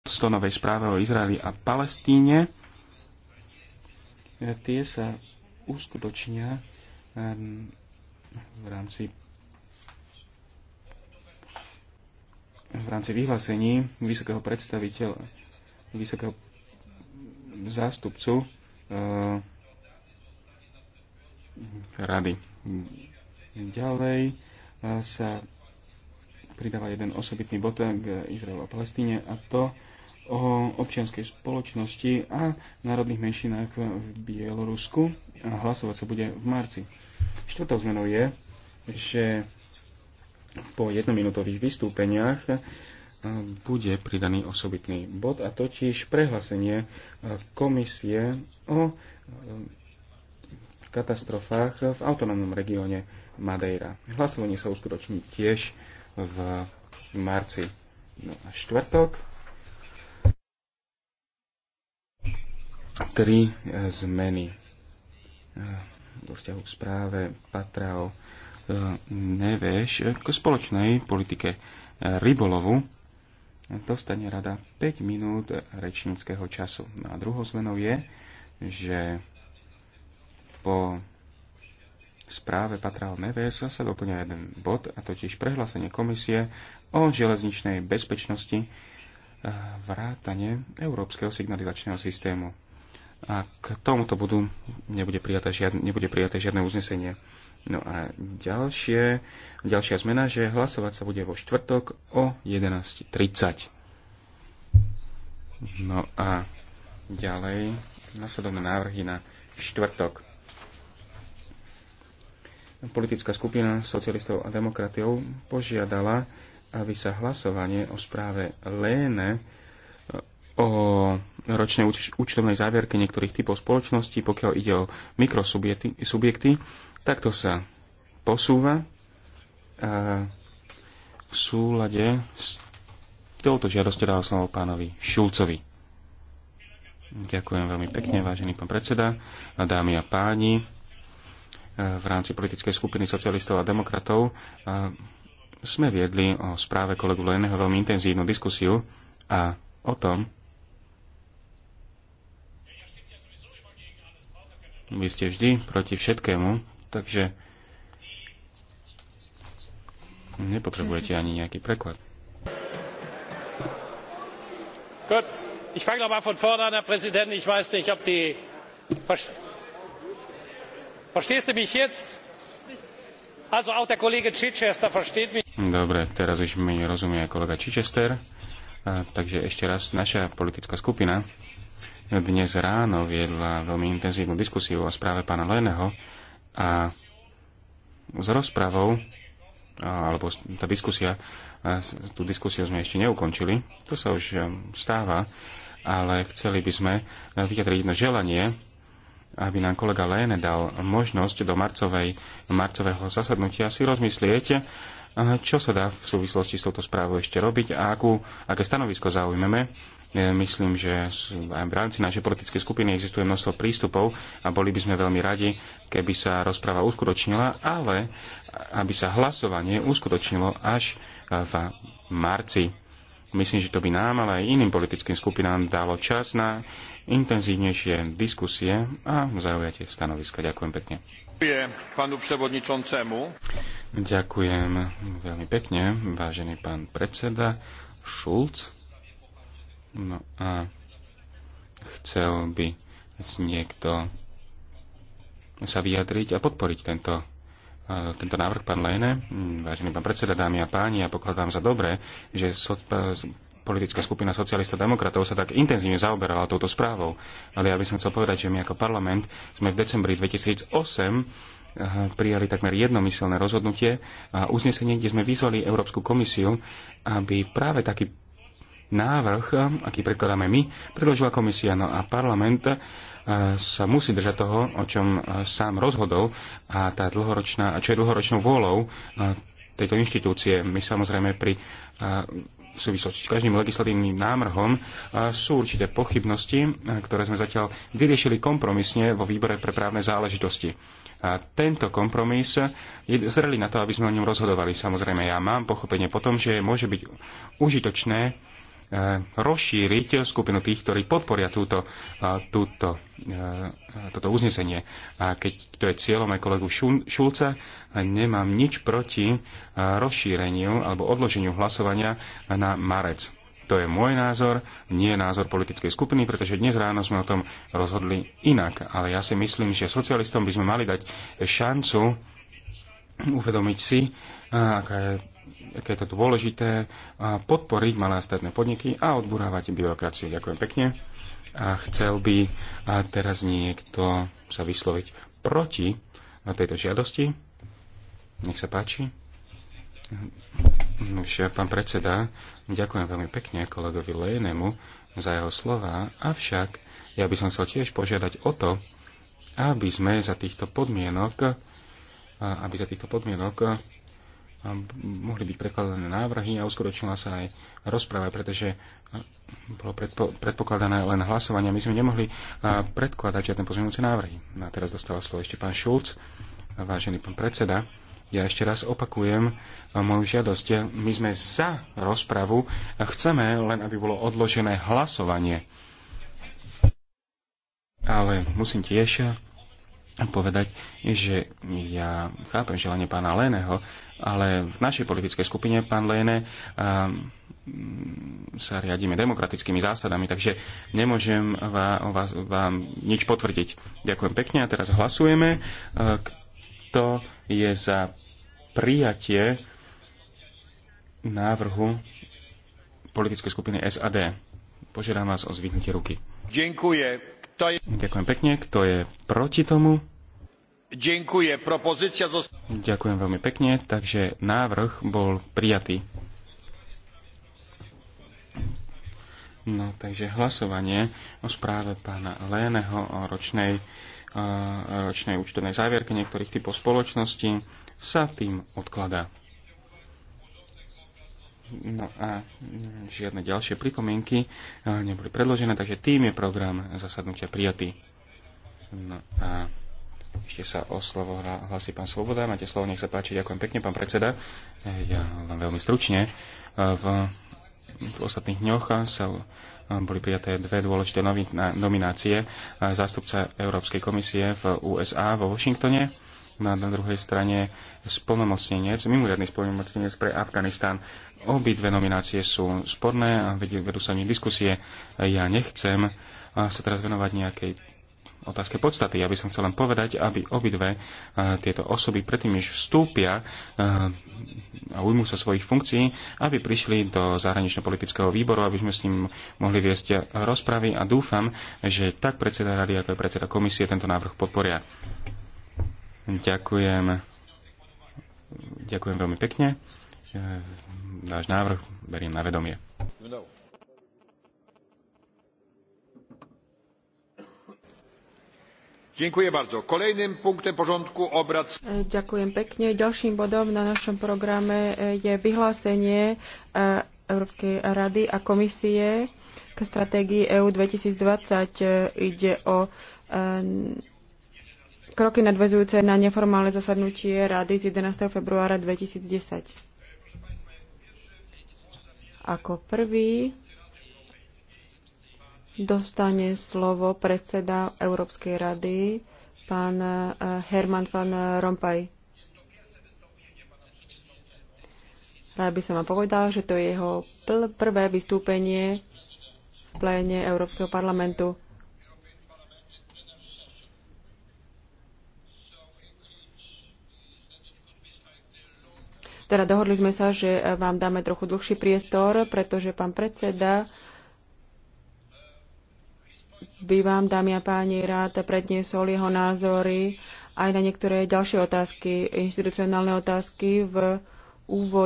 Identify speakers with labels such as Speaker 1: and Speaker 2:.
Speaker 1: Stonovej správe o Izraeli a Palestíne. E, tie sa uskutočnia e, v rámci v rámci vyhlásení vysokého predstaviteľa, vysokého zástupcu e, rady. Ďalej sa pridáva jeden osobitný bod k Izraelu a Palestíne a to o občianskej spoločnosti a národných menšinách v Bielorusku a hlasovať sa bude v marci. Štvrtou zmenou je, že po jednominútových vystúpeniach e, bude pridaný osobitný bod a totiž prehlásenie e, komisie o e, katastrofách v autonómnom regióne Madeira. Hlasovanie sa uskutoční tiež v marci. No a štvrtok tri eh, zmeny eh, vo vzťahu k správe o eh, Neveš k spoločnej politike rybolovu dostane rada 5 minút rečníckého času. No a druhou zmenou je, že po správe o Neves sa doplňa jeden bod, a totiž prehlásenie komisie o železničnej bezpečnosti vrátane Európskeho signalizačného systému a k tomuto bodu nebude prijaté žiadne, nebude prijaté žiadne uznesenie. No a ďalšie, ďalšia zmena, že hlasovať sa bude vo štvrtok o 11.30. No a ďalej nasledovné návrhy na štvrtok. Politická skupina socialistov a demokratov požiadala, aby sa hlasovanie o správe Léne o ročnej účtovnej závierke niektorých typov spoločností, pokiaľ ide o mikrosubjekty, takto sa posúva a e, v súlade s touto žiadosťou dáva slovo pánovi Šulcovi. Ďakujem veľmi pekne, vážený pán predseda, dámy a páni. E, v rámci politickej skupiny socialistov a demokratov e, sme viedli o správe kolegu Leného veľmi intenzívnu diskusiu a o tom, Vy ste vždy proti všetkému, takže nepotrebujete ani nejaký preklad. Gut, ich fange nochmal von vorne an, Herr Präsident. Ich weiß nicht, ob die...
Speaker 2: Verstehst du mich jetzt? Also auch der Kollege Chichester versteht mich.
Speaker 1: Dobre, teraz už mi rozumie kolega Chichester. A, takže ešte raz, naša politická skupina dnes ráno viedla veľmi intenzívnu diskusiu o správe pána Leného a s rozpravou, alebo tá diskusia, tú diskusiu sme ešte neukončili, to sa už ehm, stáva, ale chceli by sme eh, vyjadriť jedno želanie, aby nám kolega Léne dal možnosť do marcovej, marcového zasadnutia si rozmyslieť, eh, čo sa dá v súvislosti s touto správou ešte robiť a akú, aké stanovisko zaujmeme. Eh, myslím, že aj v rámci našej politickej skupiny existuje množstvo prístupov a boli by sme veľmi radi, keby sa rozpráva uskutočnila, ale aby sa hlasovanie uskutočnilo až v marci Myslím, že to by nám, ale aj iným politickým skupinám dalo čas na intenzívnejšie diskusie a zaujatie stanoviska. Ďakujem pekne. Ďakujem veľmi pekne, vážený pán predseda Šulc. No a chcel by niekto sa vyjadriť a podporiť tento tento návrh, pán Lejne. Vážený pán predseda, dámy a páni, ja pokladám za dobré, že so, politická skupina socialista demokratov sa tak intenzívne zaoberala touto správou. Ale ja by som chcel povedať, že my ako parlament sme v decembri 2008 eh, prijali takmer jednomyselné rozhodnutie a uznesenie, kde sme vyzvali Európsku komisiu, aby práve taký návrh, eh, aký predkladáme my, predložila komisia. No a parlament E, sa musí držať toho, o čom e, sám rozhodol a tá dlhoročná, čo je dlhoročnou vôľou e, tejto inštitúcie. My samozrejme pri v súvislosti s každým legislatívnym námrhom sú určité pochybnosti, ktoré sme zatiaľ vyriešili kompromisne vo výbore pre právne záležitosti. A tento kompromis je zrelý na to, aby sme o ňom rozhodovali. Samozrejme, ja mám pochopenie potom, že môže byť užitočné Eh, rozšíriť skupinu tých, ktorí podporia túto, eh, túto, eh, toto uznesenie. A keď to je cieľom aj kolegu Šulca, nemám nič proti rozšíreniu alebo odloženiu hlasovania na marec. To je môj názor, nie názor politickej skupiny, pretože dnes ráno sme o tom rozhodli inak. Ale ja si myslím, že socialistom by sme mali dať šancu uvedomiť si, aká je aké je to dôležité podporiť malé a stredné podniky a odburávať byrokraciu. Ďakujem pekne. A chcel by teraz niekto sa vysloviť proti tejto žiadosti. Nech sa páči. Už pán predseda, ďakujem veľmi pekne kolegovi Lejnemu za jeho slova, avšak ja by som chcel tiež požiadať o to, aby sme za týchto podmienok aby za týchto podmienok mohli byť predkladané návrhy a uskutočnila sa aj rozpráva, pretože bolo predpo, predpokladané len hlasovanie. My sme nemohli predkladať žiadne pozmeňujúce návrhy. A teraz dostáva slovo ešte pán Šulc, vážený pán predseda. Ja ešte raz opakujem moju žiadosť. My sme za rozpravu. a Chceme len, aby bolo odložené hlasovanie. Ale musím tiež povedať, že ja chápem želanie pána Léneho, ale v našej politickej skupine pán Léne um, sa riadíme demokratickými zásadami, takže nemôžem vám, vás, vám nič potvrdiť. Ďakujem pekne a teraz hlasujeme, kto je za prijatie návrhu politickej skupiny SAD. Požiadam vás o zvýhnutie ruky.
Speaker 2: Ďakujem.
Speaker 1: Ďakujem pekne. Kto je proti tomu?
Speaker 2: Ďakujem
Speaker 1: veľmi pekne, takže návrh bol prijatý. No, takže hlasovanie o správe pána Léneho o ročnej, ročnej účtovnej závierke niektorých typov spoločnosti sa tým odkladá. No a žiadne ďalšie pripomienky e, neboli predložené, takže tým je program zasadnutia prijatý. No a ešte sa o slovo hlasí pán Svoboda. Máte slovo, nech sa páči. Ďakujem pekne, pán predseda. Ja len veľmi stručne. V, v ostatných dňoch sa boli prijaté dve dôležité nominácie zástupca Európskej komisie v USA vo Washingtone na, no na druhej strane splnomocnenec, mimoriadný splnomocnenec pre Afganistán. Obidve nominácie sú sporné a vedú sa o nich diskusie. Ja nechcem sa teraz venovať nejakej otázke podstaty. Ja by som chcel len povedať, aby obidve e, tieto osoby predtým, než vstúpia e, a ujmú sa svojich funkcií, aby prišli do zahranično-politického výboru, aby sme s ním mohli viesť rozpravy a dúfam, že tak predseda rady, ako aj predseda komisie tento návrh podporia. Ďakujem. Ďakujem veľmi pekne. Náš e, návrh beriem na vedomie.
Speaker 2: No. E, ďakujem pekne. Ďalším bodom na našom programe e, je vyhlásenie e, Európskej rady a komisie k stratégii EU 2020. Ide o kroky nadväzujúce na neformálne zasadnutie rady z 11. februára 2010. Ako prvý dostane slovo predseda Európskej rady, pán eh, Herman van Rompuy. Rád by som vám povedal, že to je jeho prvé vystúpenie v pléne Európskeho parlamentu. Teda dohodli sme sa, že eh, vám dáme trochu dlhší priestor, pretože pán predseda by vám, dámy a páni, rád predniesol jeho názory aj na niektoré ďalšie otázky, inštitucionálne otázky v úvode.